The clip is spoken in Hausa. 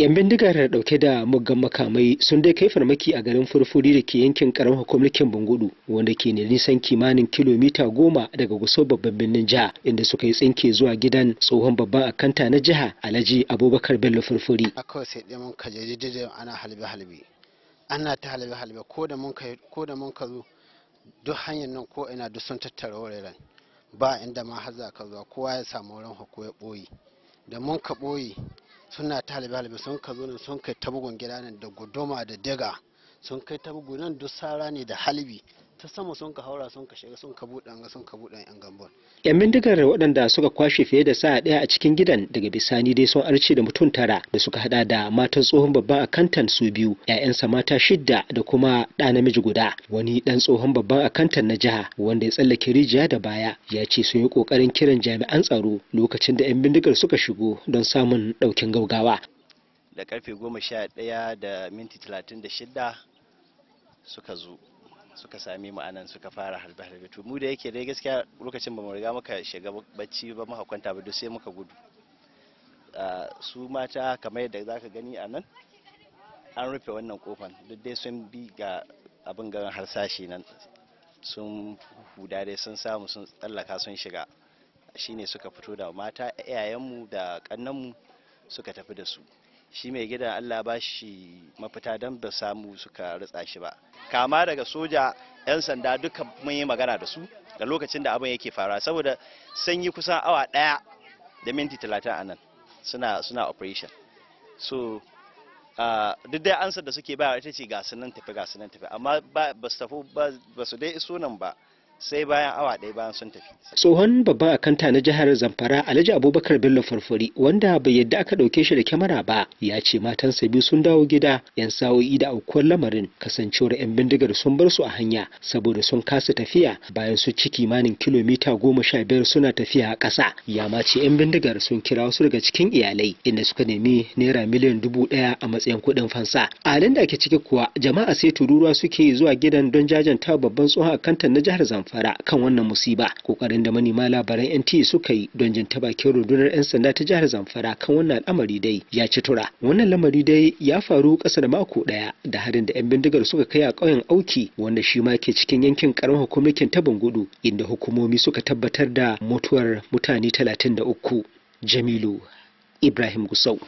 'yan bindigar dauke da muggan makamai sun dai kai farmaki a garin furfuri da ke yankin karamar hukumar bungudu wanda ke ne nisan kimanin kilomita goma daga gusau babban birnin jiha inda suka yi tsinke zuwa gidan tsohon babban akanta na jiha alhaji abubakar bello furfuri kawai sai dai mun kaje ana halbe halbe ana ta halbe halbe ko da mun ko da mun zo duk hanyar nan ko ina duk sun tattara wuraren ba inda ma har za ka zuwa kowa ya samu wurin hako ya boye da mun ka boye suna ta halibe sun ka zo sun kai ta bugun gida nan da guduma da diga sun kai ta bugu nan duk sara ne da halibi ta sama sun ka haura sun ka shiga sun ka buɗe sun ka buɗe yan gambon yan bindigar waɗanda suka kwashe fiye da sa'a ɗaya a cikin gidan daga bisani dai sun arce da mutum tara da suka haɗa da matan tsohon babban akantan su biyu ƴaƴansa mata shidda da kuma ɗa namiji guda wani ɗan tsohon babban akantan na jiha wanda ya tsallake rijiya da baya ya ce sun yi ƙoƙarin kiran jami'an tsaro lokacin da yan bindigar suka shigo don samun ɗaukin gaugawa da karfe goma sha ɗaya da minti talatin da shidda suka zo suka sami mu suka fara harbe harbe to mu da yake dai gaskiya lokacin ba mu riga muka shiga bacci ba muka kwanta ba sai muka gudu su mata kamar yadda zaka gani a nan an rufe wannan kofan duk dai sun bi ga abin garin harsashi nan sun huda dai sun samu sun tsallaka sun shiga shine suka fito da mata iyayenmu da kannanmu suka tafi da su shi mai gida Allah ba shi mafita don ba samu suka ritsa shi ba kama daga soja 'yan sanda duka mun yi magana da su da lokacin da abin yake fara saboda sanyi kusan awa daya da minti talatin a nan suna suna operation so duk dai ansar da suke bayar ita ce ga nan tafi ga nan tafi amma ba su dai iso nan ba sai bayan awa ɗaya bayan sun tafi. tsohon babban akanta na jihar zamfara alhaji abubakar bello farfari wanda bai yadda aka ɗauke shi da kyamara ba ya ce matansa biyu sun dawo gida yan sa'o'i da aukuwar lamarin kasancewar yan bindigar sun bar su a hanya saboda sun kasa tafiya bayan su ci kimanin kilomita goma sha biyar suna tafiya a ƙasa ya ma ce yan bindigar sun kira wasu daga cikin iyalai inda suka nemi naira miliyan dubu ɗaya a matsayin kuɗin fansa a halin da ake ciki kuwa jama'a sai tururuwa suke zuwa gidan don jajanta babban tsohon akanta na jihar zamfara zamfara kan wannan musiba kokarin da manema labaran NTA suka yi don jin tabakin bakin rundunar 'yan sanda ta jihar zamfara kan wannan al'amari dai ya ci tura wannan lamari dai ya faru kasa da mako daya da harin da 'yan bindigar suka kai a ƙauyen auki wanda shi ma ke cikin yankin karamar hukumar ta bangudu inda hukumomi suka tabbatar da mutuwar mutane 33 jamilu ibrahim gusau